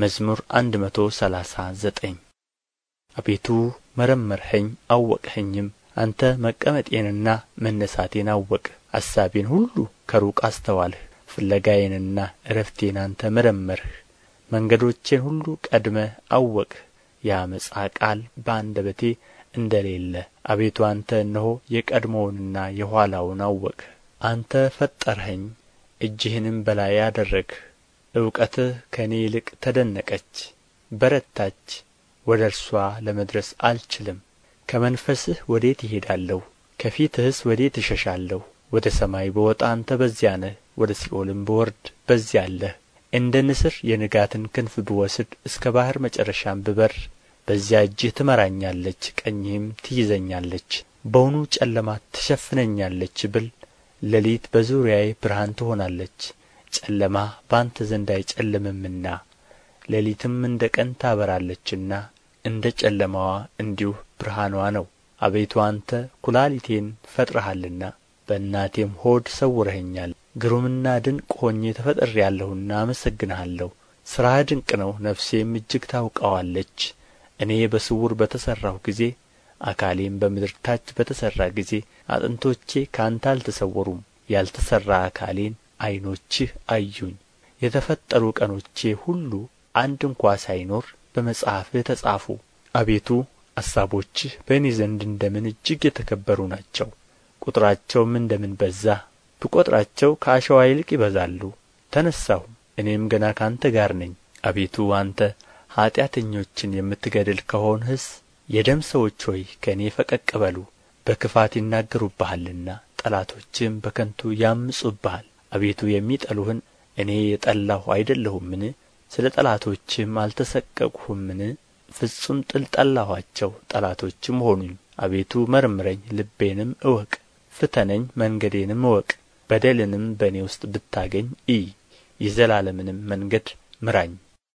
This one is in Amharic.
መዝሙር መቶ ሰላሳ ዘጠኝ አቤቱ መረመርኸኝ አወቅኸኝም። አንተ መቀመጤንና መነሳቴን አወቅህ፣ አሳቤን ሁሉ ከሩቅ አስተዋልህ። ፍለጋዬንና እረፍቴን አንተ መረመርህ፣ መንገዶቼን ሁሉ ቀድመህ አወቅህ። የአመፃ ቃል በአንደበቴ እንደሌለ አቤቱ አንተ እነሆ የቀድሞውንና የኋላውን አወቅህ። አንተ ፈጠርኸኝ እጅህንም በላዬ አደረግህ እውቀትህ ከእኔ ይልቅ ተደነቀች በረታች ወደ እርስዋ ለመድረስ አልችልም ከመንፈስህ ወዴት እሄዳለሁ ከፊትህስ ወዴት እሸሻለሁ ወደ ሰማይ በወጣ አንተ በዚያ ነህ ወደ ሲኦልም ብወርድ በዚያ አለህ እንደ ንስር የንጋትን ክንፍ ብወስድ እስከ ባሕር መጨረሻም ብበር በዚያ እጅህ ትመራኛለች ቀኝህም ትይዘኛለች በውኑ ጨለማ ትሸፍነኛለች ብል ሌሊት በዙሪያዬ ብርሃን ትሆናለች ጨለማ በአንተ ዘንድ አይጨልምምና ሌሊትም እንደ ቀን ታበራለችና እንደ ጨለማዋ እንዲሁ ብርሃኗ ነው አቤቱ አንተ ኩላሊቴን ፈጥረሃልና በእናቴም ሆድ ሰውረኸኛል ግሩምና ድንቅ ሆኜ ያለሁና አመሰግንሃለሁ ሥራህ ድንቅ ነው ነፍሴም እጅግ ታውቀዋለች እኔ በስውር በተሠራሁ ጊዜ አካሌም በምድር ታች በተሠራ ጊዜ አጥንቶቼ ከአንተ አልተሰወሩም ያልተሠራ አካሌን ዓይኖችህ አዩኝ የተፈጠሩ ቀኖቼ ሁሉ አንድ እንኳ ሳይኖር በመጽሐፍህ ተጻፉ አቤቱ አሳቦችህ በእኔ ዘንድ እንደምን እጅግ የተከበሩ ናቸው ቁጥራቸውም እንደምን በዛ ብቈጥራቸው ከአሸዋ ይልቅ ይበዛሉ ተነሳሁ እኔም ገና ካንተ ጋር ነኝ አቤቱ አንተ ኃጢአተኞችን የምትገድል ከሆንህስ የደም ሰዎች ሆይ ከእኔ ፈቀቅ በሉ በክፋት ይናገሩብሃልና ጠላቶችም በከንቱ ያምፁብሃል አቤቱ የሚጠሉህን እኔ የጠላሁ አይደለሁምን ስለ ጠላቶችህም አልተሰቀቅሁምን ፍጹም ጥል ጠላኋቸው ጠላቶችም ሆኑኝ አቤቱ መርምረኝ ልቤንም እወቅ ፍተነኝ መንገዴንም እወቅ በደልንም በእኔ ውስጥ ብታገኝ እይ የዘላለምንም መንገድ ምራኝ